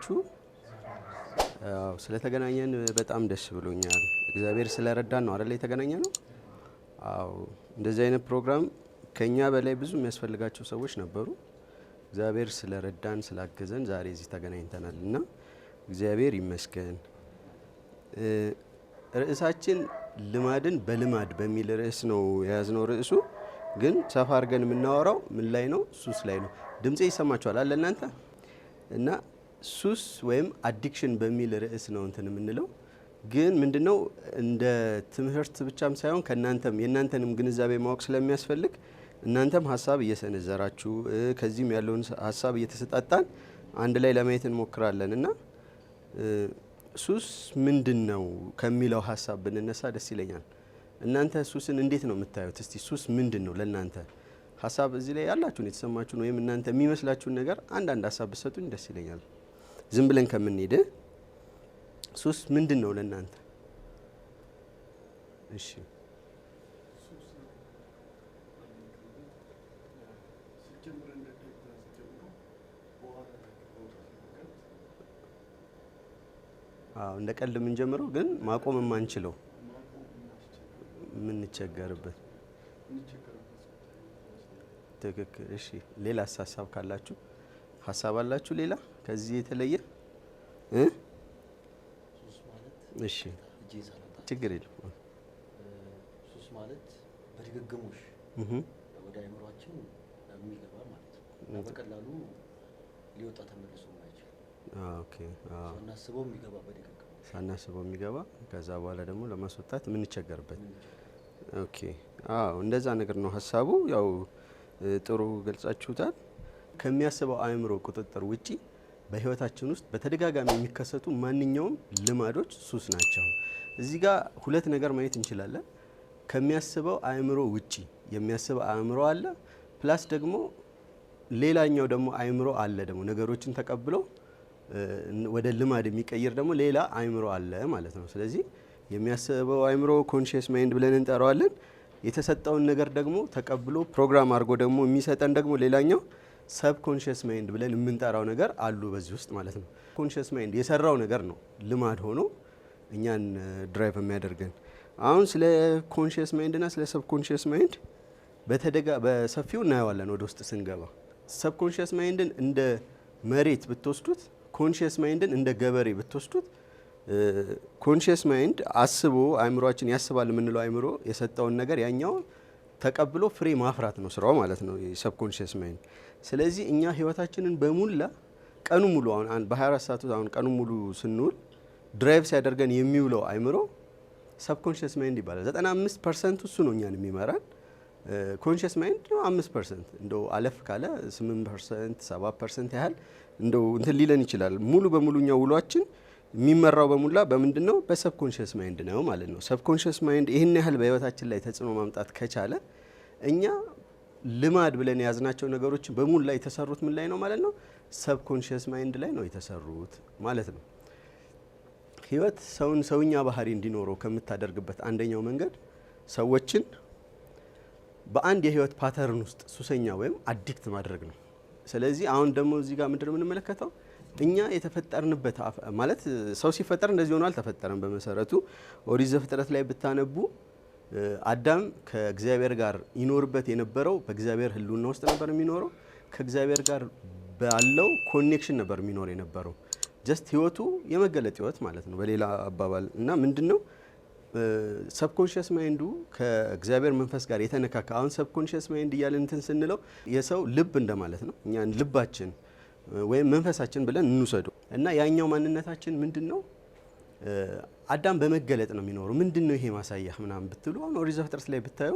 ያላችሁ። አዎ ስለተገናኘን በጣም ደስ ብሎኛል። እግዚአብሔር ስለረዳን ነው አይደል የተገናኘ ነው። አዎ እንደዚህ አይነት ፕሮግራም ከኛ በላይ ብዙ የሚያስፈልጋቸው ሰዎች ነበሩ። እግዚአብሔር ስለረዳን ስላገዘን ዛሬ እዚህ ተገናኝተናል እና እግዚአብሔር ይመስገን። ርዕሳችን ልማድን በልማድ በሚል ርዕስ ነው የያዝነው። ርዕሱ ግን ሰፋ አድርገን የምናወራው ምን ላይ ነው? ሱስ ላይ ነው። ድምፄ ይሰማችኋል አለ እናንተ እና ሱስ ወይም አዲክሽን በሚል ርዕስ ነው እንትን የምንለው ግን ምንድነው እንደ ትምህርት ብቻም ሳይሆን ከእናንተም የእናንተንም ግንዛቤ ማወቅ ስለሚያስፈልግ እናንተም ሀሳብ እየሰነዘራችሁ ከዚህም ያለውን ሀሳብ እየተሰጣጣን አንድ ላይ ለማየት እንሞክራለን እና ሱስ ምንድን ነው ከሚለው ሀሳብ ብንነሳ ደስ ይለኛል። እናንተ ሱስን እንዴት ነው የምታዩት? እስቲ ሱስ ምንድን ነው ለእናንተ ሀሳብ እዚህ ላይ ያላችሁን የተሰማችሁን ወይም እናንተ የሚመስላችሁን ነገር አንዳንድ ሀሳብ ብሰጡኝ ደስ ይለኛል። ዝም ብለን ከምንሄድ ሱስ ምንድን ነው ለእናንተ? እሺ እንደ ቀልድ የምንጀምረው ግን ማቆም የማንችለው የምንቸገርበት ትክክል። እሺ ሌላ ሀሳብ ካላችሁ ሀሳብ አላችሁ? ሌላ ከዚህ የተለየ እሺ ችግር የለም። ሱስ ማለት በድግግሞሽ ወደ የሚገባ ማለት ነው። በቀላሉ ሊወጣ ተመልሶ ማይችል ሳናስበው የሚገባ በድግግሞሽ ሳናስበው የሚገባ ከዛ በኋላ ደግሞ ለማስወጣት የምንቸገርበት ኦኬ። አዎ እንደዛ ነገር ነው ሀሳቡ። ያው ጥሩ ገልጻችሁታል። ከሚያስበው አእምሮ ቁጥጥር ውጪ በህይወታችን ውስጥ በተደጋጋሚ የሚከሰቱ ማንኛውም ልማዶች ሱስ ናቸው። እዚህ ጋር ሁለት ነገር ማየት እንችላለን። ከሚያስበው አእምሮ ውጪ የሚያስብ አእምሮ አለ። ፕላስ ደግሞ ሌላኛው ደግሞ አእምሮ አለ ደግሞ ነገሮችን ተቀብሎ ወደ ልማድ የሚቀይር ደግሞ ሌላ አእምሮ አለ ማለት ነው። ስለዚህ የሚያስበው አእምሮ ኮንሽስ ማይንድ ብለን እንጠራዋለን። የተሰጠውን ነገር ደግሞ ተቀብሎ ፕሮግራም አድርጎ ደግሞ የሚሰጠን ደግሞ ሌላኛው ሰብ ኮንሽስ ማይንድ ብለን የምንጠራው ነገር አሉ በዚህ ውስጥ ማለት ነው። ኮንሽስ ማይንድ የሰራው ነገር ነው ልማድ ሆኖ እኛን ድራይቭ የሚያደርገን። አሁን ስለ ኮንሽስ ማይንድ ስለ ሰብ ኮንሽስ ማይንድ በተደጋ በሰፊው እናየዋለን ወደ ውስጥ ስንገባ። ሰብ ኮንሽስ ማይንድን እንደ መሬት ብትወስዱት፣ ኮንሽስ ማይንድን እንደ ገበሬ ብትወስዱት ኮንሽስ ማይንድ አስቦ አእምሯችን ያስባል የምንለው አይምሮ የሰጠውን ነገር ያኛው ተቀብሎ ፍሬ ማፍራት ነው ስራው ማለት ነው የሰብኮንሽስ ማይንድ ስለዚህ እኛ ህይወታችንን በሙላ ቀኑ ሙሉ አሁን በ24 ሰዓት አሁን ቀኑ ሙሉ ስንውል ድራይቭ ሲያደርገን የሚውለው አይምሮ ሰብኮንሽስ ማይንድ ይባላል። 95 ፐርሰንት እሱ ነው እኛን የሚመራን። ኮንሽስ ማይንድ ነው 5 ፐርሰንት እንደው አለፍ ካለ 8 ፐርሰንት 7 ፐርሰንት ያህል እንደው እንትን ሊለን ይችላል። ሙሉ በሙሉ እኛ ውሏችን የሚመራው በሙላ በምንድን ነው? በሰብኮንሽስ ማይንድ ነው ማለት ነው። ሰብኮንሽስ ማይንድ ይህን ያህል በህይወታችን ላይ ተጽዕኖ ማምጣት ከቻለ እኛ ልማድ ብለን የያዝናቸው ነገሮችን በሙሉ ላይ የተሰሩት ምን ላይ ነው ማለት ነው? ሰብኮንሽስ ማይንድ ላይ ነው የተሰሩት ማለት ነው። ህይወት ሰውን ሰውኛ ባህሪ እንዲኖረው ከምታደርግበት አንደኛው መንገድ ሰዎችን በአንድ የህይወት ፓተርን ውስጥ ሱሰኛ ወይም አዲክት ማድረግ ነው። ስለዚህ አሁን ደግሞ እዚህ ጋር ምንድን የምንመለከተው እኛ የተፈጠርንበት ማለት ሰው ሲፈጠር እንደዚህ ሆኖ አልተፈጠረም። በመሰረቱ ኦሪት ዘፍጥረት ላይ ብታነቡ አዳም ከእግዚአብሔር ጋር ይኖርበት የነበረው በእግዚአብሔር ሕልውና ውስጥ ነበር የሚኖረው። ከእግዚአብሔር ጋር ባለው ኮኔክሽን ነበር የሚኖር የነበረው። ጀስት ህይወቱ የመገለጥ ህይወት ማለት ነው በሌላ አባባል እና ምንድን ነው ሰብኮንሽስ ማይንዱ ከእግዚአብሔር መንፈስ ጋር የተነካካ አሁን ሰብኮንሽስ ማይንድ እያለን እንትን ስንለው የሰው ልብ እንደማለት ነው። እኛ ልባችን ወይም መንፈሳችን ብለን እንውሰደው እና ያኛው ማንነታችን ምንድን ነው አዳም በመገለጥ ነው የሚኖሩ ምንድን ነው ይሄ ማሳያ ምናምን ብትሉ አሁን ኦሪት ዘፍጥረት ላይ ብታዩ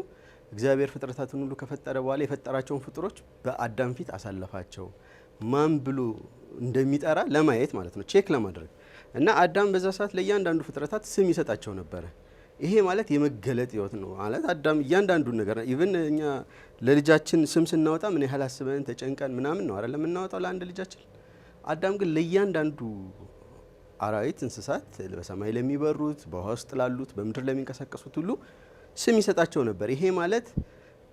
እግዚአብሔር ፍጥረታትን ሁሉ ከፈጠረ በኋላ የፈጠራቸውን ፍጡሮች በአዳም ፊት አሳለፋቸው ማን ብሎ እንደሚጠራ ለማየት ማለት ነው ቼክ ለማድረግ እና አዳም በዛ ሰዓት ለእያንዳንዱ ፍጥረታት ስም ይሰጣቸው ነበረ ይሄ ማለት የመገለጥ ህይወት ነው ማለት አዳም እያንዳንዱን ነገር ኢቨን እኛ ለልጃችን ስም ስናወጣ ምን ያህል አስበን ተጨንቀን ምናምን ነው አይደለም እናወጣው ለአንድ ልጃችን አዳም ግን ለእያንዳንዱ አራዊት፣ እንስሳት በሰማይ ለሚበሩት፣ በውሃ ውስጥ ላሉት፣ በምድር ለሚንቀሳቀሱት ሁሉ ስም ይሰጣቸው ነበር። ይሄ ማለት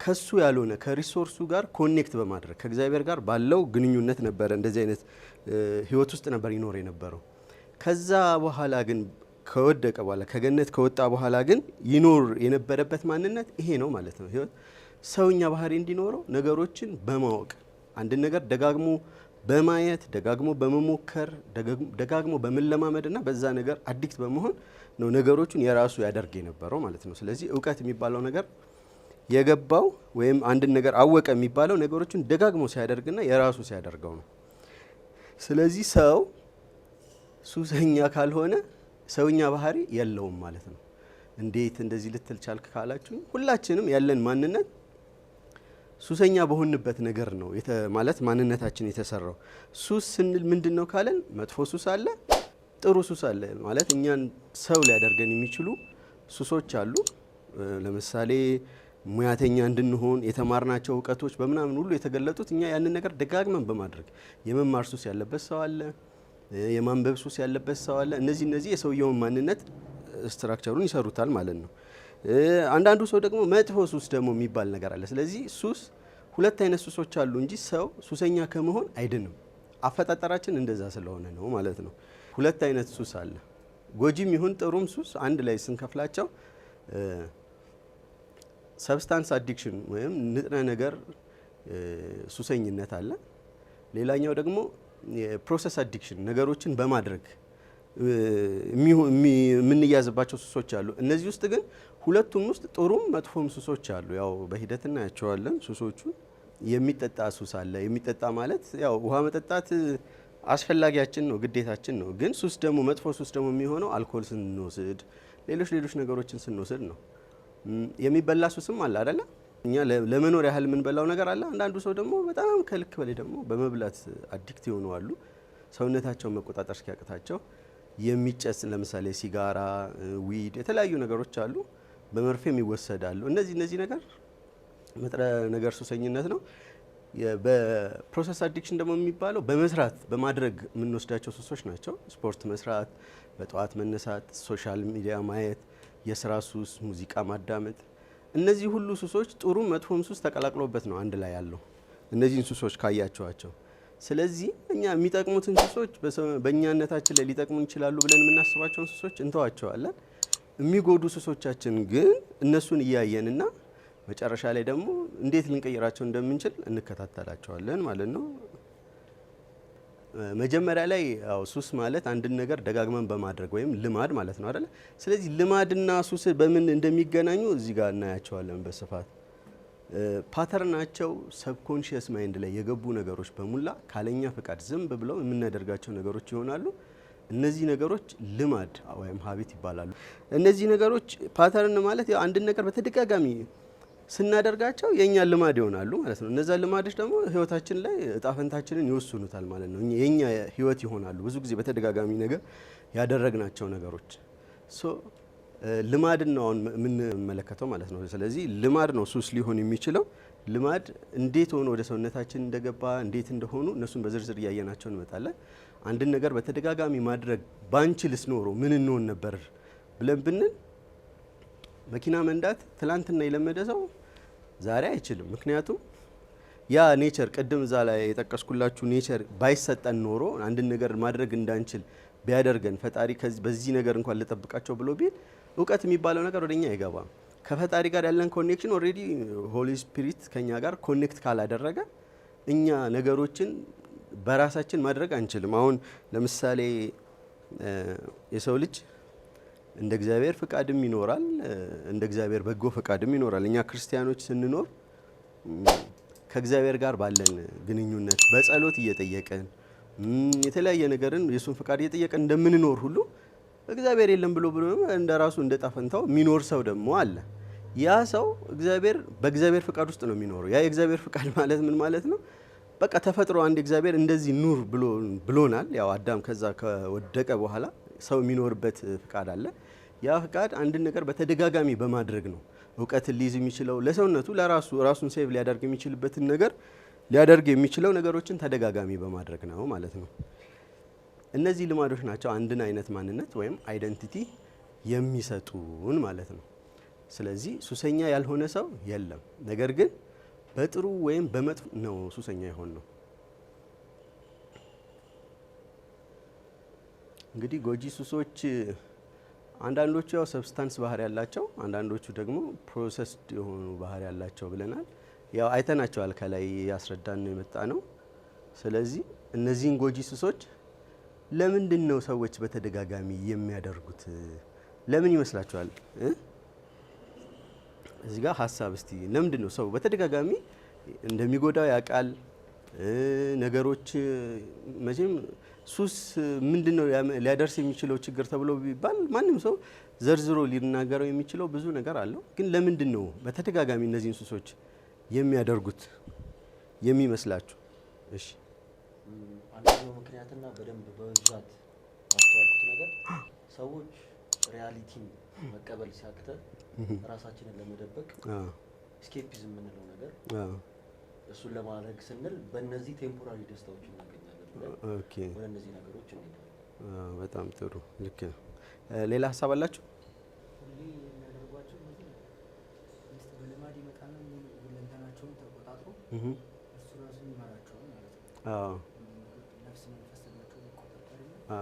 ከሱ ያልሆነ ከሪሶርሱ ጋር ኮኔክት በማድረግ ከእግዚአብሔር ጋር ባለው ግንኙነት ነበረ። እንደዚህ አይነት ህይወት ውስጥ ነበር ይኖር የነበረው። ከዛ በኋላ ግን ከወደቀ በኋላ ከገነት ከወጣ በኋላ ግን ይኖር የነበረበት ማንነት ይሄ ነው ማለት ነው። ህይወት ሰውኛ ባህሪ እንዲኖረው ነገሮችን በማወቅ አንድን ነገር ደጋግሞ በማየት ደጋግሞ በመሞከር ደጋግሞ በመለማመድ እና በዛ ነገር አዲክት በመሆን ነው ነገሮቹን የራሱ ያደርግ የነበረው ማለት ነው። ስለዚህ እውቀት የሚባለው ነገር የገባው ወይም አንድን ነገር አወቀ የሚባለው ነገሮቹን ደጋግሞ ሲያደርግና የራሱ ሲያደርገው ነው። ስለዚህ ሰው ሱሰኛ ካልሆነ ሰውኛ ባህሪ የለውም ማለት ነው። እንዴት እንደዚህ ልትል ቻልክ ካላችሁ ሁላችንም ያለን ማንነት ሱሰኛ በሆንበት ነገር ነው ማለት ማንነታችን የተሰራው። ሱስ ስንል ምንድን ነው ካለን መጥፎ ሱስ አለ፣ ጥሩ ሱስ አለ። ማለት እኛን ሰው ሊያደርገን የሚችሉ ሱሶች አሉ። ለምሳሌ ሙያተኛ እንድንሆን የተማርናቸው እውቀቶች በምናምን ሁሉ የተገለጡት እኛ ያንን ነገር ደጋግመን በማድረግ የመማር ሱስ ያለበት ሰው አለ፣ የማንበብ ሱስ ያለበት ሰው አለ። እነዚህ እነዚህ የሰውየውን ማንነት ስትራክቸሩን ይሰሩታል ማለት ነው። አንዳንዱ ሰው ደግሞ መጥፎ ሱስ ደግሞ የሚባል ነገር አለ። ስለዚህ ሱስ ሁለት አይነት ሱሶች አሉ እንጂ ሰው ሱሰኛ ከመሆን አይድንም። አፈጣጠራችን እንደዛ ስለሆነ ነው ማለት ነው። ሁለት አይነት ሱስ አለ። ጎጂም ይሁን ጥሩም ሱስ አንድ ላይ ስንከፍላቸው ሰብስታንስ አዲክሽን ወይም ንጥረ ነገር ሱሰኝነት አለ። ሌላኛው ደግሞ የፕሮሰስ አዲክሽን ነገሮችን በማድረግ የምንያዝባቸው ሱሶች አሉ። እነዚህ ውስጥ ግን ሁለቱም ውስጥ ጥሩም መጥፎም ሱሶች አሉ። ያው በሂደት እናያቸዋለን ሱሶቹን። የሚጠጣ ሱስ አለ። የሚጠጣ ማለት ያው ውሃ መጠጣት አስፈላጊያችን ነው፣ ግዴታችን ነው። ግን ሱስ ደግሞ መጥፎ ሱስ ደግሞ የሚሆነው አልኮል ስንወስድ፣ ሌሎች ሌሎች ነገሮችን ስንወስድ ነው። የሚበላ ሱስም አለ አደለ? እኛ ለመኖር ያህል የምንበላው ነገር አለ። አንዳንዱ ሰው ደግሞ በጣም ከልክ በላይ ደግሞ በመብላት አዲክት የሆኑ አሉ። ሰውነታቸውን መቆጣጠር እስኪያቅታቸው የሚጨስ ለምሳሌ ሲጋራ፣ ዊድ የተለያዩ ነገሮች አሉ። በመርፌም ይወሰዳሉ። እነዚህ እነዚህ ነገር ንጥረ ነገር ሱሰኝነት ነው። በፕሮሰስ አዲክሽን ደግሞ የሚባለው በመስራት በማድረግ የምንወስዳቸው ሱሶች ናቸው። ስፖርት መስራት፣ በጠዋት መነሳት፣ ሶሻል ሚዲያ ማየት፣ የስራ ሱስ፣ ሙዚቃ ማዳመጥ፣ እነዚህ ሁሉ ሱሶች ጥሩ መጥፎም ሱስ ተቀላቅሎበት ነው አንድ ላይ ያለው እነዚህን ሱሶች ካያቸዋቸው። ስለዚህ እኛ የሚጠቅሙትን ሱሶች በእኛነታችን ላይ ሊጠቅሙ ይችላሉ ብለን የምናስባቸውን ሱሶች እንተዋቸዋለን። የሚጎዱ ሱሶቻችን ግን እነሱን እያየንና መጨረሻ ላይ ደግሞ እንዴት ልንቀይራቸው እንደምንችል እንከታተላቸዋለን ማለት ነው። መጀመሪያ ላይ ያው ሱስ ማለት አንድን ነገር ደጋግመን በማድረግ ወይም ልማድ ማለት ነው አይደለ? ስለዚህ ልማድና ሱስ በምን እንደሚገናኙ እዚህ ጋር እናያቸዋለን በስፋት ፓተርናቸው ሰብኮንሽየስ ማይንድ ላይ የገቡ ነገሮች በሙላ ካለኛ ፈቃድ ዝም ብለው የምናደርጋቸው ነገሮች ይሆናሉ። እነዚህ ነገሮች ልማድ ወይም ሀቢት ይባላሉ። እነዚህ ነገሮች ፓተርን ማለት ያው አንድን ነገር በተደጋጋሚ ስናደርጋቸው የእኛ ልማድ ይሆናሉ ማለት ነው። እነዛ ልማዶች ደግሞ ህይወታችን ላይ እጣፈንታችንን ይወስኑታል ማለት ነው። የእኛ ህይወት ይሆናሉ ብዙ ጊዜ በተደጋጋሚ ነገር ያደረግናቸው ነገሮች ልማድን ነው አሁን የምንመለከተው ማለት ነው። ስለዚህ ልማድ ነው ሱስ ሊሆን የሚችለው። ልማድ እንዴት ሆኖ ወደ ሰውነታችን እንደገባ እንዴት እንደሆኑ እነሱን በዝርዝር እያየናቸው እንመጣለን። አንድን ነገር በተደጋጋሚ ማድረግ ባንችልስ ኖሮ ምን እንሆን ነበር ብለን ብንል መኪና መንዳት ትላንትና የለመደ ሰው ዛሬ አይችልም። ምክንያቱም ያ ኔቸር ቅድም እዛ ላይ የጠቀስኩላችሁ ኔቸር ባይሰጠን ኖሮ አንድን ነገር ማድረግ እንዳንችል ቢያደርገን ፈጣሪ በዚህ ነገር እንኳን ልጠብቃቸው ብሎ ቢል እውቀት የሚባለው ነገር ወደኛ አይገባም። ከፈጣሪ ጋር ያለን ኮኔክሽን ኦልሬዲ ሆሊ ስፒሪት ከኛ ጋር ኮኔክት ካላደረገ እኛ ነገሮችን በራሳችን ማድረግ አንችልም። አሁን ለምሳሌ የሰው ልጅ እንደ እግዚአብሔር ፍቃድም ይኖራል፣ እንደ እግዚአብሔር በጎ ፍቃድም ይኖራል። እኛ ክርስቲያኖች ስንኖር ከእግዚአብሔር ጋር ባለን ግንኙነት በጸሎት እየጠየቀን የተለያየ ነገርን የእሱን ፍቃድ እየጠየቀን እንደምንኖር ሁሉ እግዚአብሔር የለም ብሎ ብሎ እንደ ራሱ እንደ ጣፈንታው የሚኖር ሰው ደግሞ አለ። ያ ሰው እግዚአብሔር በእግዚአብሔር ፍቃድ ውስጥ ነው የሚኖረው። ያ የእግዚአብሔር ፍቃድ ማለት ምን ማለት ነው? በቃ ተፈጥሮ አንድ እግዚአብሔር እንደዚህ ኑር ብሎናል። ያው አዳም ከዛ ከወደቀ በኋላ ሰው የሚኖርበት ፍቃድ አለ። ያ ፍቃድ አንድን ነገር በተደጋጋሚ በማድረግ ነው እውቀትን ሊይዝ የሚችለው ለሰውነቱ ለራሱ ራሱን ሴቭ ሊያደርግ የሚችልበትን ነገር ሊያደርግ የሚችለው ነገሮችን ተደጋጋሚ በማድረግ ነው ማለት ነው። እነዚህ ልማዶች ናቸው አንድን አይነት ማንነት ወይም አይደንቲቲ የሚሰጡን ማለት ነው። ስለዚህ ሱሰኛ ያልሆነ ሰው የለም። ነገር ግን በጥሩ ወይም በመጥፎ ነው ሱሰኛ የሆን ነው። እንግዲህ ጎጂ ሱሶች አንዳንዶቹ ያው ሰብስታንስ ባህሪ ያላቸው፣ አንዳንዶቹ ደግሞ ፕሮሰስድ የሆኑ ባህሪ ያላቸው ብለናል። ያው አይተናቸዋል ከላይ ያስረዳን ነው የመጣ ነው። ስለዚህ እነዚህን ጎጂ ሱሶች ለምንድን ነው ሰዎች በተደጋጋሚ የሚያደርጉት? ለምን ይመስላችኋል? እዚህ ጋር ሀሳብ እስቲ ለምንድን ነው ሰው በተደጋጋሚ እንደሚጎዳው ያውቃል። ነገሮች መቼም ሱስ ምንድን ነው ሊያደርስ የሚችለው ችግር ተብሎ ቢባል ማንም ሰው ዘርዝሮ ሊናገረው የሚችለው ብዙ ነገር አለው። ግን ለምንድን ነው በተደጋጋሚ እነዚህን ሱሶች የሚያደርጉት የሚመስላችሁ? እሺ አንደኛው ምክንያትና በደንብ በብዛት ማስተዋልኩት ነገር ሰዎች ሪያሊቲን መቀበል ሲያቅተ ራሳችንን ለመደበቅ ስኬፒዝም የምንለው ነገር እሱን ለማድረግ ስንል በእነዚህ ቴምፖራሪ ደስታዎች እናገኛለን ወደ እነዚህ ነገሮች እንሄዳለን። በጣም ጥሩ ልክ ነው። ሌላ ሀሳብ አላችሁ? በልማድ ይመጣና ሁለንተናቸውን ተቆጣጥሮ እሱ ራሱ ይመራቸዋል ማለት ነው። ነፍስ መንፈስ ተብላቸው ይቆጣጠርና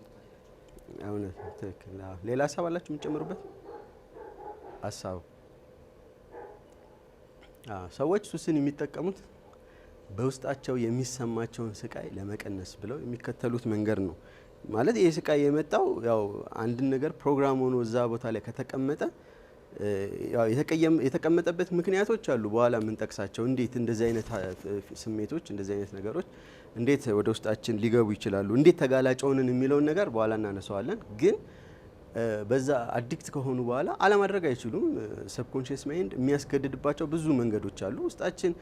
እውነት ትክክል። ሌላ ሀሳብ አላችሁ የምትጨምሩበት ሀሳብ? ሰዎች ሱስን የሚጠቀሙት በውስጣቸው የሚሰማቸውን ስቃይ ለመቀነስ ብለው የሚከተሉት መንገድ ነው። ማለት ይህ ስቃይ የመጣው ያው አንድን ነገር ፕሮግራም ሆኖ እዛ ቦታ ላይ ከተቀመጠ የተቀመጠበት ምክንያቶች አሉ። በኋላ የምንጠቅሳቸው እንዴት እንደዚህ አይነት ስሜቶች እንደዚህ አይነት ነገሮች እንዴት ወደ ውስጣችን ሊገቡ ይችላሉ፣ እንዴት ተጋላጭ ሆንን የሚለውን ነገር በኋላ እናነሳዋለን። ግን በዛ አዲክት ከሆኑ በኋላ አለማድረግ አይችሉም። ሰብኮንሽስ ማይንድ የሚያስገድድባቸው ብዙ መንገዶች አሉ። ውስጣችን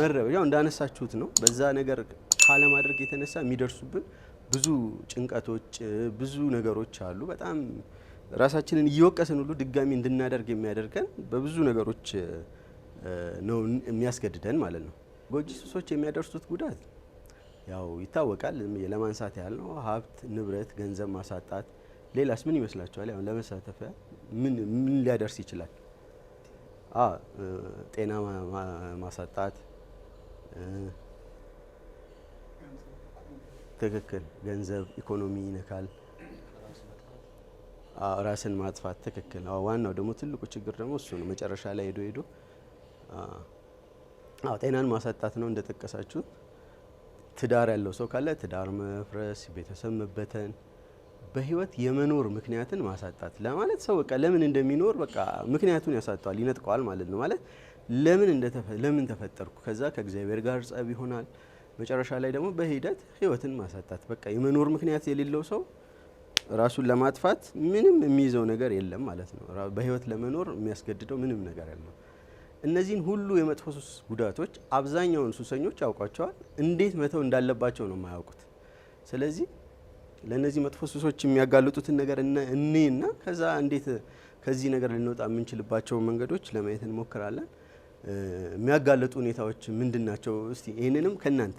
መረብ ያው እንዳነሳችሁት ነው። በዛ ነገር ካለማድረግ የተነሳ የሚደርሱብን ብዙ ጭንቀቶች፣ ብዙ ነገሮች አሉ። በጣም ራሳችንን እየወቀስን ሁሉ ድጋሚ እንድናደርግ የሚያደርገን በብዙ ነገሮች ነው የሚያስገድደን ማለት ነው። ጎጂ ሱሶች የሚያደርሱት ጉዳት ያው ይታወቃል። ለማንሳት ያህል ነው። ሀብት፣ ንብረት፣ ገንዘብ ማሳጣት ሌላስ ምን ይመስላችኋል? ያው ለመሳተፊያ ምን ምን ሊያደርስ ይችላል? አ ጤና ማሳጣት፣ ትክክል። ገንዘብ፣ ኢኮኖሚ ይነካል። ራስን ማጥፋት ትክክል። ዋናው ደግሞ ትልቁ ችግር ደግሞ እሱ ነው። መጨረሻ ላይ ሄዶ ሄዶ ጤናን ማሳጣት ነው እንደጠቀሳችሁት? ትዳር ያለው ሰው ካለ ትዳር መፍረስ፣ ቤተሰብ መበተን፣ በህይወት የመኖር ምክንያትን ማሳጣት ለማለት ሰው በቃ ለምን እንደሚኖር በቃ ምክንያቱን ያሳጣዋል፣ ይነጥቀዋል ማለት ነው። ማለት ለምን ለምን ተፈጠርኩ፣ ከዛ ከእግዚአብሔር ጋር ጸብ ይሆናል። መጨረሻ ላይ ደግሞ በሂደት ህይወትን ማሳጣት በቃ የመኖር ምክንያት የሌለው ሰው ራሱን ለማጥፋት ምንም የሚይዘው ነገር የለም ማለት ነው። በህይወት ለመኖር የሚያስገድደው ምንም ነገር የለም። እነዚህን ሁሉ የመጥፎ ሱስ ጉዳቶች አብዛኛውን ሱሰኞች ያውቋቸዋል። እንዴት መተው እንዳለባቸው ነው የማያውቁት። ስለዚህ ለእነዚህ መጥፎ ሱሶች የሚያጋልጡትን ነገር እኔና ከዛ እንዴት ከዚህ ነገር ልንወጣ የምንችልባቸው መንገዶች ለማየት እንሞክራለን። የሚያጋልጡ ሁኔታዎች ምንድን ናቸው? እስቲ ይህንንም ከእናንተ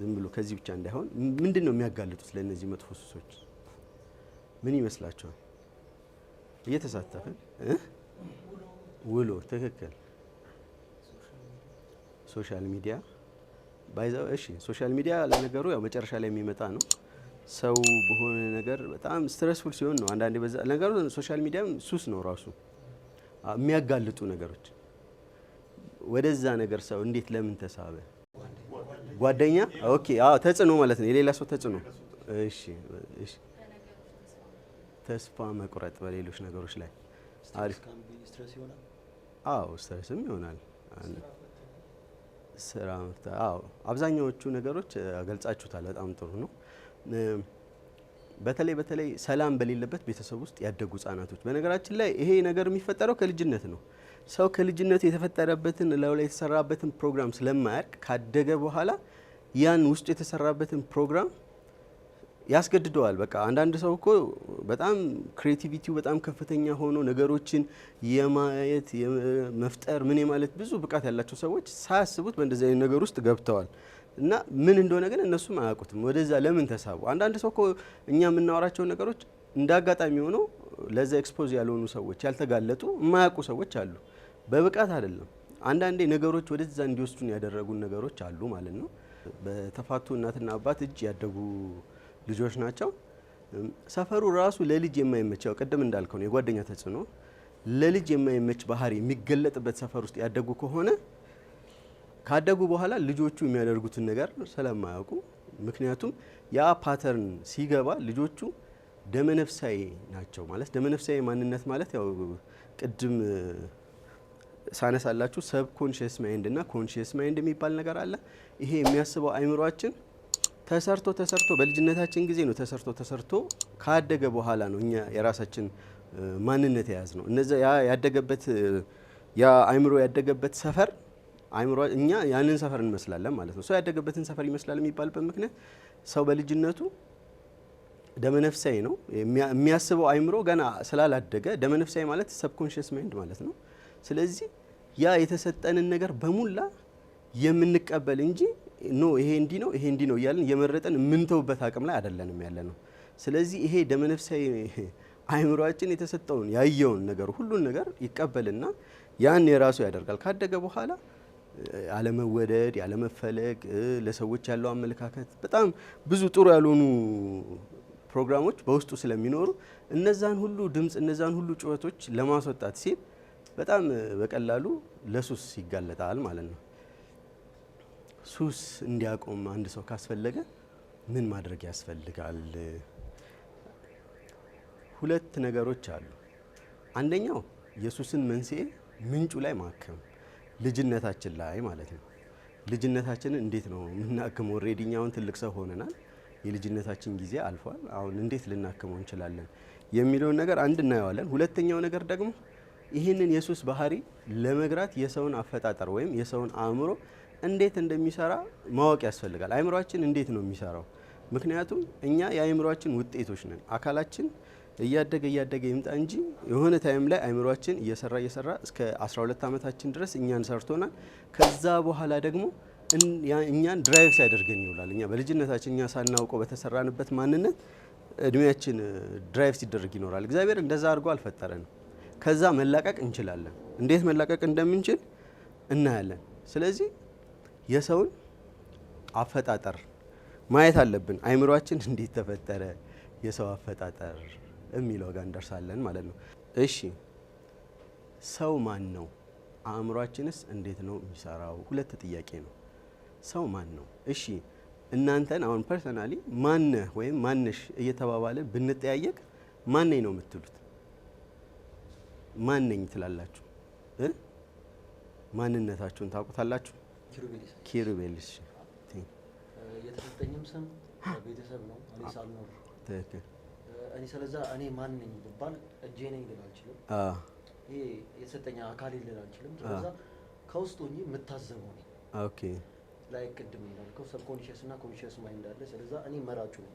ዝም ብሎ ከዚህ ብቻ እንዳይሆን ምንድን ነው የሚያጋልጡት ለእነዚህ መጥፎ ሱሶች ምን ይመስላችኋል? እየተሳተፍን ውሎ ትክክል ሶሻል ሚዲያ ባይዛው እሺ፣ ሶሻል ሚዲያ ለነገሩ ያው መጨረሻ ላይ የሚመጣ ነው። ሰው በሆነ ነገር በጣም ስትረስፉል ሲሆን ነው አንዳንዴ። በዛ ነገሩ ሶሻል ሚዲያም ሱስ ነው ራሱ የሚያጋልጡ ነገሮች። ወደዛ ነገር ሰው እንዴት ለምን ተሳበ? ጓደኛ ኦኬ፣ አዎ፣ ተጽዕኖ ማለት ነው፣ የሌላ ሰው ተጽዕኖ። እሺ፣ እሺ፣ ተስፋ መቁረጥ በሌሎች ነገሮች ላይ አዎ፣ ስትረስም ይሆናል። ስራ አዎ አብዛኛዎቹ ነገሮች ገልጻችሁታል። በጣም ጥሩ ነው። በተለይ በተለይ ሰላም በሌለበት ቤተሰብ ውስጥ ያደጉ ህጻናቶች። በነገራችን ላይ ይሄ ነገር የሚፈጠረው ከልጅነት ነው። ሰው ከልጅነት የተፈጠረበትን ለው ላይ የተሰራበትን ፕሮግራም ስለማያርቅ ካደገ በኋላ ያን ውስጡ የተሰራበትን ፕሮግራም ያስገድደዋል። በቃ አንዳንድ ሰው እኮ በጣም ክሬቲቪቲው በጣም ከፍተኛ ሆኖ ነገሮችን የማየት መፍጠር ምን የማለት ብዙ ብቃት ያላቸው ሰዎች ሳያስቡት በእንደዚህ አይነት ነገር ውስጥ ገብተዋል እና ምን እንደሆነ ግን እነሱም አያውቁትም። ወደዛ ለምን ተሳቡ? አንዳንድ ሰው እኮ እኛ የምናወራቸውን ነገሮች እንደ አጋጣሚ ሆኖ ለዛ ኤክስፖዝ ያልሆኑ ሰዎች፣ ያልተጋለጡ የማያውቁ ሰዎች አሉ። በብቃት አይደለም። አንዳንዴ ነገሮች ወደዛ እንዲወስዱን ያደረጉን ነገሮች አሉ ማለት ነው። በተፋቱ እናትና አባት እጅ ያደጉ ልጆች ናቸው። ሰፈሩ ራሱ ለልጅ የማይመቸው ቅድም እንዳልከው ነው የጓደኛ ተጽዕኖ ለልጅ የማይመች ባህሪ የሚገለጥበት ሰፈር ውስጥ ያደጉ ከሆነ ካደጉ በኋላ ልጆቹ የሚያደርጉትን ነገር ስለማያውቁ፣ ምክንያቱም ያ ፓተርን ሲገባ ልጆቹ ደመነፍሳዊ ናቸው ማለት ደመነፍሳዊ ማንነት ማለት ያው ቅድም ሳነሳላችሁ ሰብ ኮንሽስ ማይንድ እና ኮንሽስ ማይንድ የሚባል ነገር አለ። ይሄ የሚያስበው አይምሯችን ተሰርቶ ተሰርቶ በልጅነታችን ጊዜ ነው ተሰርቶ ተሰርቶ ካደገ በኋላ ነው እኛ የራሳችን ማንነት የያዝ ነው። እነዚ ያደገበት ያ አይምሮ ያደገበት ሰፈር አይምሮ እኛ ያንን ሰፈር እንመስላለን ማለት ነው። ሰው ያደገበትን ሰፈር ይመስላል የሚባልበት ምክንያት ሰው በልጅነቱ ደመነፍሳይ ነው የሚያስበው አይምሮ ገና ስላላደገ ደመነፍሳይ ማለት ሰብኮንሽስ ማይንድ ማለት ነው። ስለዚህ ያ የተሰጠንን ነገር በሙላ የምንቀበል እንጂ ኖ ይሄ እንዲ ነው ይሄ እንዲ ነው እያለን የመረጠን የምንተውበት አቅም ላይ አይደለንም ያለ ነው። ስለዚህ ይሄ ደመነፍሳዊ አእምሯችን የተሰጠውን ያየውን ነገር ሁሉን ነገር ይቀበልና ያን የራሱ ያደርጋል። ካደገ በኋላ አለመወደድ ያለመፈለግ፣ ለሰዎች ያለው አመለካከት በጣም ብዙ ጥሩ ያልሆኑ ፕሮግራሞች በውስጡ ስለሚኖሩ እነዛን ሁሉ ድምፅ እነዛን ሁሉ ጩኸቶች ለማስወጣት ሲል በጣም በቀላሉ ለሱስ ይጋለጣል ማለት ነው። ሱስ እንዲያቆም አንድ ሰው ካስፈለገ ምን ማድረግ ያስፈልጋል? ሁለት ነገሮች አሉ። አንደኛው የሱስን መንስኤ ምንጩ ላይ ማከም ልጅነታችን ላይ ማለት ነው። ልጅነታችንን እንዴት ነው የምናክመው? ሬዲኛውን ትልቅ ሰው ሆነናል። የልጅነታችን ጊዜ አልፏል። አሁን እንዴት ልናክመው እንችላለን የሚለውን ነገር አንድ እናየዋለን። ሁለተኛው ነገር ደግሞ ይህንን የሱስ ባህሪ ለመግራት የሰውን አፈጣጠር ወይም የሰውን አእምሮ እንዴት እንደሚሰራ ማወቅ ያስፈልጋል። አይምሯችን እንዴት ነው የሚሰራው? ምክንያቱም እኛ የአይምሯችን ውጤቶች ነን። አካላችን እያደገ እያደገ ይምጣ እንጂ የሆነ ታይም ላይ አይምሯችን እየሰራ እየሰራ እስከ 12 ዓመታችን ድረስ እኛን ሰርቶናል። ከዛ በኋላ ደግሞ እኛን ድራይቭ ሲያደርገን ይውላል። እኛ በልጅነታችን እኛ ሳናውቀው በተሰራንበት ማንነት እድሜያችን ድራይቭ ሲደረግ ይኖራል። እግዚአብሔር እንደዛ አድርጎ አልፈጠረንም። ከዛ መላቀቅ እንችላለን። እንዴት መላቀቅ እንደምንችል እናያለን። ስለዚህ የሰውን አፈጣጠር ማየት አለብን። አይምሯችን እንዴት ተፈጠረ፣ የሰው አፈጣጠር የሚለው ጋር እንደርሳለን ማለት ነው። እሺ ሰው ማን ነው? አእምሯችንስ እንዴት ነው የሚሰራው? ሁለት ጥያቄ ነው። ሰው ማን ነው? እሺ እናንተን አሁን ፐርሰናሊ ማነህ ወይም ማነሽ እየተባባለ ብንጠያየቅ ማነኝ ነው የምትሉት? ማነኝ ትላላችሁ? ማንነታችሁን ታውቁታላችሁ? ኪሩቤልሽ የተሰጠኝም ስም ቤተሰብ ነው። እኔ ሳልኖር እኔ ስለዛ እኔ ማን ነኝ ብባል እጄ ነኝ ልል አልችልም። ይሄ የተሰጠኝ አካል ልል አልችልም። ስለዛ የምታዘበው ነኝ። ኦኬ ላይ ቅድም እንዳልከው እና ኮንሽስ ማይንድ አለ። ስለዛ እኔ መራጩ ነው።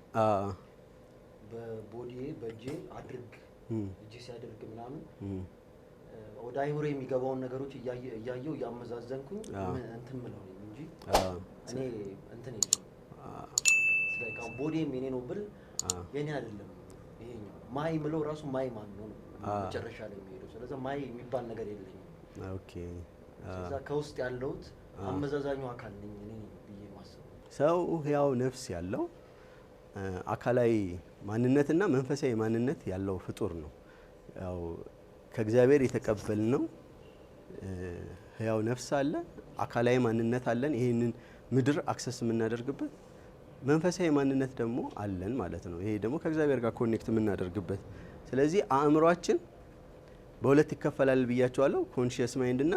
በቦዲዬ በእጄ አድርግ እጄ ሲያደርግ ምናምን ወደ አይምሮ የሚገባውን ነገሮች እያየው እያመዛዘንኩኝ እንትን ምለው እንጂ እኔ እንትን ስለቃ ቦዴም የኔ ነው ብል የኔ አይደለም። ይሄኛው ማይ ምለው ራሱ ማይ ማን ነው መጨረሻ ላይ የሚሄደው። ስለዚ ማይ የሚባል ነገር የለኝም። ስለዛ ከውስጥ ያለውት አመዛዛኙ አካል ነኝ እኔ ብዬ ማሰብ ሰው ህያው ነፍስ ያለው አካላዊ ማንነትና መንፈሳዊ ማንነት ያለው ፍጡር ነው። ያው ከእግዚአብሔር የተቀበልነው ህያው ነፍስ አለ፣ አካላዊ ማንነት አለን። ይህንን ምድር አክሰስ የምናደርግበት መንፈሳዊ ማንነት ደግሞ አለን ማለት ነው። ይሄ ደግሞ ከእግዚአብሔር ጋር ኮኔክት የምናደርግበት። ስለዚህ አእምሯችን በሁለት ይከፈላል ብያቸዋለሁ፣ ኮንሽየስ ማይንድ እና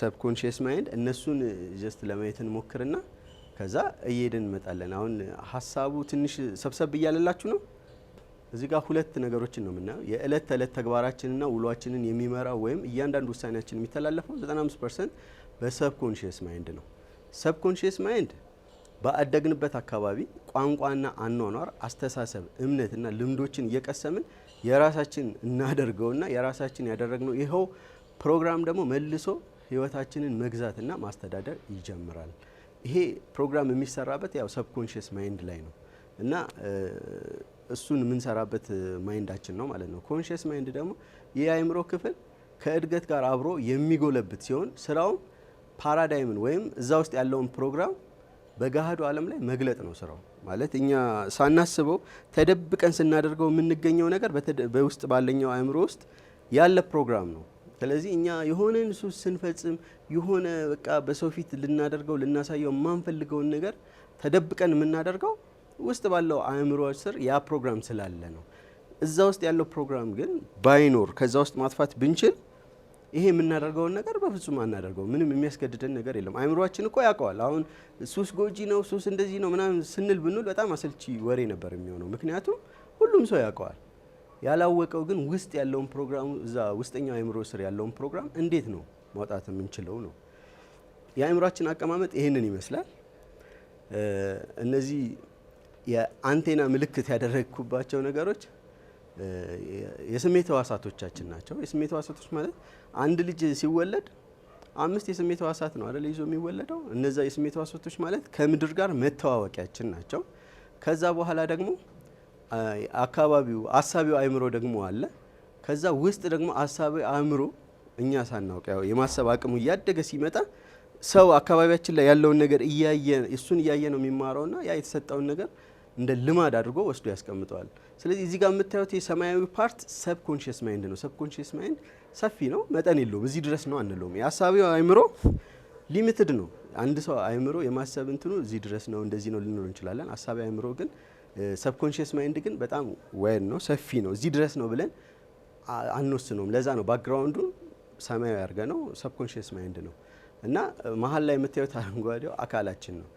ሰብኮንሽየስ ማይንድ። እነሱን ጀስት ለማየት እንሞክርና ከዛ እየሄድን እንመጣለን። አሁን ሀሳቡ ትንሽ ሰብሰብ እያለላችሁ ነው። እዚህ ጋር ሁለት ነገሮችን ነው የምናየው። የእለት ተዕለት ተግባራችንና ውሏችንን የሚመራው ወይም እያንዳንዱ ውሳኔያችን የሚተላለፈው 95 ፐርሰንት በሰብኮንሽስ ማይንድ ነው። ሰብኮንሽስ ማይንድ ባደግንበት አካባቢ ቋንቋና አኗኗር፣ አስተሳሰብ፣ እምነትና ልምዶችን እየቀሰምን የራሳችን እናደርገውና የራሳችን ያደረግነው ይኸው ፕሮግራም ደግሞ መልሶ ህይወታችንን መግዛትና ማስተዳደር ይጀምራል። ይሄ ፕሮግራም የሚሰራበት ያው ሰብኮንሽስ ማይንድ ላይ ነው እና እሱን የምንሰራበት ማይንዳችን ነው ማለት ነው። ኮንሽስ ማይንድ ደግሞ ይህ አይምሮ ክፍል ከእድገት ጋር አብሮ የሚጎለብት ሲሆን ስራውም ፓራዳይምን ወይም እዛ ውስጥ ያለውን ፕሮግራም በገሃዱ ዓለም ላይ መግለጥ ነው ስራው። ማለት እኛ ሳናስበው ተደብቀን ስናደርገው የምንገኘው ነገር በውስጥ ባለኛው አእምሮ ውስጥ ያለ ፕሮግራም ነው። ስለዚህ እኛ የሆነን ሱስ ስንፈጽም የሆነ በቃ በሰው ፊት ልናደርገው ልናሳየው የማንፈልገውን ነገር ተደብቀን የምናደርገው ውስጥ ባለው አእምሮ ስር ያ ፕሮግራም ስላለ ነው። እዛ ውስጥ ያለው ፕሮግራም ግን ባይኖር ከዛ ውስጥ ማጥፋት ብንችል ይሄ የምናደርገውን ነገር በፍጹም አናደርገው። ምንም የሚያስገድደን ነገር የለም። አእምሯችን እኮ ያውቀዋል። አሁን ሱስ ጎጂ ነው፣ ሱስ እንደዚህ ነው ምናምን ስንል ብንል በጣም አሰልቺ ወሬ ነበር የሚሆነው። ምክንያቱም ሁሉም ሰው ያውቀዋል። ያላወቀው ግን ውስጥ ያለውን ፕሮግራም እዛ ውስጠኛው አእምሮ ስር ያለውን ፕሮግራም እንዴት ነው ማውጣት የምንችለው ነው። የአእምሯችን አቀማመጥ ይህንን ይመስላል። እነዚህ የአንቴና ምልክት ያደረግኩባቸው ነገሮች የስሜት ህዋሳቶቻችን ናቸው። የስሜት ህዋሳቶች ማለት አንድ ልጅ ሲወለድ አምስት የስሜት ህዋሳት ነው አደለ ይዞ የሚወለደው። እነዛ የስሜት ህዋሳቶች ማለት ከምድር ጋር መተዋወቂያችን ናቸው። ከዛ በኋላ ደግሞ አካባቢው አሳቢው አእምሮ ደግሞ አለ። ከዛ ውስጥ ደግሞ አሳቢው አእምሮ እኛ ሳናውቅ ያው የማሰብ አቅሙ እያደገ ሲመጣ ሰው አካባቢያችን ላይ ያለውን ነገር እያየ እሱን እያየ ነው የሚማረውና ያ የተሰጠውን ነገር እንደ ልማድ አድርጎ ወስዶ ያስቀምጠዋል። ስለዚህ እዚህ ጋር የምታዩት የሰማያዊ ፓርት ሰብኮንሽስ ማይንድ ነው። ሰብኮንሽስ ማይንድ ሰፊ ነው፣ መጠን የለውም። እዚህ ድረስ ነው አንለውም። የአሳቢው አእምሮ ሊሚትድ ነው። አንድ ሰው አእምሮ የማሰብ እንትኑ እዚህ ድረስ ነው፣ እንደዚህ ነው ልንሆን እንችላለን። ሀሳቢ አእምሮ ግን ሰብኮንሽስ ማይንድ ግን በጣም ዋይድ ነው፣ ሰፊ ነው። እዚህ ድረስ ነው ብለን አንወስነውም። ለዛ ነው ባክግራውንዱን ሰማያዊ ያርገ ነው ሰብኮንሽስ ማይንድ ነው እና መሀል ላይ የምታዩት አረንጓዴው አካላችን ነው።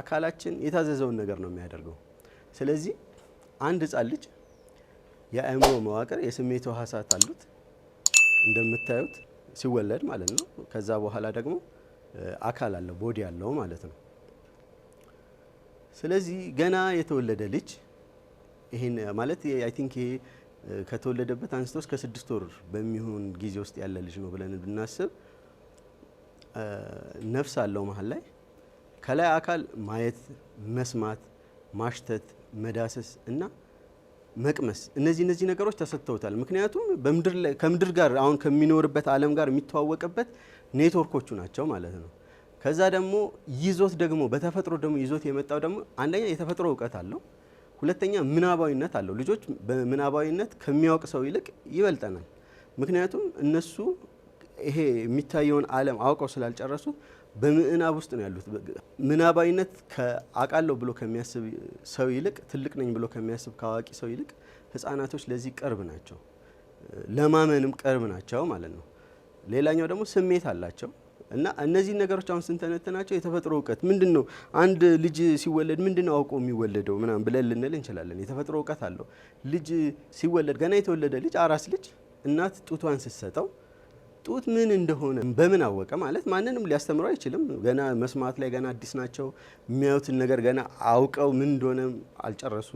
አካላችን የታዘዘውን ነገር ነው የሚያደርገው። ስለዚህ አንድ ህጻን ልጅ የአእምሮ መዋቅር የስሜት ህዋሳት አሉት እንደምታዩት ሲወለድ ማለት ነው። ከዛ በኋላ ደግሞ አካል አለው ቦዲ አለው ማለት ነው። ስለዚህ ገና የተወለደ ልጅ ይሄን ማለት አይ ቲንክ ይሄ ከተወለደበት አንስቶ እስከ ስድስት ወር በሚሆን ጊዜ ውስጥ ያለ ልጅ ነው ብለን ብናስብ ነፍስ አለው መሀል ላይ ከላይ አካል ማየት፣ መስማት፣ ማሽተት መዳሰስ እና መቅመስ እነዚህ እነዚህ ነገሮች ተሰጥተውታል። ምክንያቱም ከምድር ጋር አሁን ከሚኖርበት ዓለም ጋር የሚተዋወቅበት ኔትወርኮቹ ናቸው ማለት ነው። ከዛ ደግሞ ይዞት ደግሞ በተፈጥሮ ደግሞ ይዞት የመጣው ደግሞ አንደኛ የተፈጥሮ እውቀት አለው፣ ሁለተኛ ምናባዊነት አለው። ልጆች በምናባዊነት ከሚያውቅ ሰው ይልቅ ይበልጠናል። ምክንያቱም እነሱ ይሄ የሚታየውን ዓለም አውቀው ስላልጨረሱ በምዕናብ ውስጥ ነው ያሉት። ምናባዊነት አውቃለሁ ብሎ ከሚያስብ ሰው ይልቅ ትልቅ ነኝ ብሎ ከሚያስብ ከአዋቂ ሰው ይልቅ ህጻናቶች ለዚህ ቅርብ ናቸው፣ ለማመንም ቅርብ ናቸው ማለት ነው። ሌላኛው ደግሞ ስሜት አላቸው እና እነዚህ ነገሮች አሁን ስንተነትናቸው የተፈጥሮ እውቀት ምንድን ነው፣ አንድ ልጅ ሲወለድ ምንድን ነው አውቆ የሚወለደው ምናምን ብለን ልንል እንችላለን። የተፈጥሮ እውቀት አለው። ልጅ ሲወለድ ገና የተወለደ ልጅ አራስ ልጅ እናት ጡቷን ስትሰጠው ጡት ምን እንደሆነ በምን አወቀ ማለት ማንንም ሊያስተምረው አይችልም። ገና መስማት ላይ ገና አዲስ ናቸው። የሚያዩትን ነገር ገና አውቀው ምን እንደሆነ አልጨረሱ።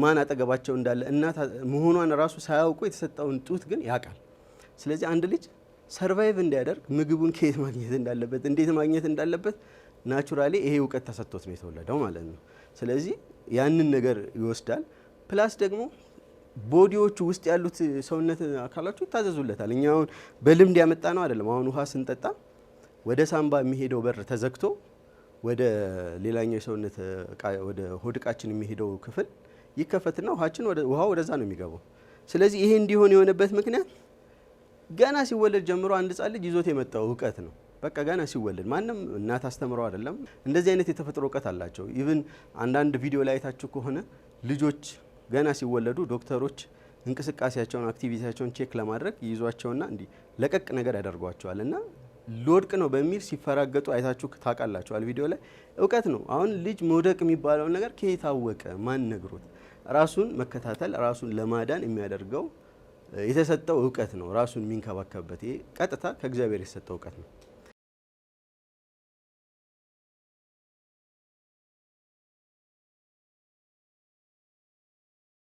ማን አጠገባቸው እንዳለ እናት መሆኗን ራሱ ሳያውቁ የተሰጠውን ጡት ግን ያውቃል። ስለዚህ አንድ ልጅ ሰርቫይቭ እንዲያደርግ ምግቡን ከየት ማግኘት እንዳለበት፣ እንዴት ማግኘት እንዳለበት ናቹራሊ ይሄ እውቀት ተሰጥቶት ነው የተወለደው ማለት ነው። ስለዚህ ያንን ነገር ይወስዳል ፕላስ ደግሞ ቦዲዎቹ ውስጥ ያሉት ሰውነት አካላችሁ ይታዘዙለታል። እኛ አሁን በልምድ ያመጣ ነው አይደለም። አሁን ውሃ ስንጠጣ ወደ ሳምባ የሚሄደው በር ተዘግቶ ወደ ሌላኛው የሰውነት ወደ ሆድቃችን የሚሄደው ክፍል ይከፈትና ውሃችን ውሃ ወደዛ ነው የሚገባው። ስለዚህ ይሄ እንዲሆን የሆነበት ምክንያት ገና ሲወለድ ጀምሮ አንድ ጻ ልጅ ይዞት የመጣው እውቀት ነው። በቃ ገና ሲወለድ ማንም እናት አስተምረው አይደለም። እንደዚህ አይነት የተፈጥሮ እውቀት አላቸው። ኢቭን አንዳንድ ቪዲዮ ላይ አይታችሁ ከሆነ ልጆች ገና ሲወለዱ ዶክተሮች እንቅስቃሴያቸውን አክቲቪቲያቸውን ቼክ ለማድረግ ይይዟቸውና እንዲህ ለቀቅ ነገር ያደርጓቸዋል እና ሊወድቅ ነው በሚል ሲፈራገጡ አይታችሁ ታውቃላችኋል። ቪዲዮ ላይ እውቀት ነው። አሁን ልጅ መውደቅ የሚባለውን ነገር ከየት አወቀ? ማን ነግሮት? ራሱን መከታተል ራሱን ለማዳን የሚያደርገው የተሰጠው እውቀት ነው። ራሱን የሚንከባከብበት ይሄ ቀጥታ ከእግዚአብሔር የተሰጠው እውቀት ነው።